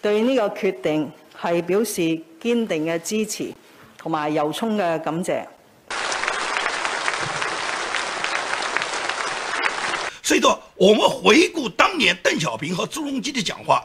對呢個決定係表示堅定嘅支持，同埋由衷嘅感謝。所以就，我們回顧當年鄧小平和朱鎔基嘅講話。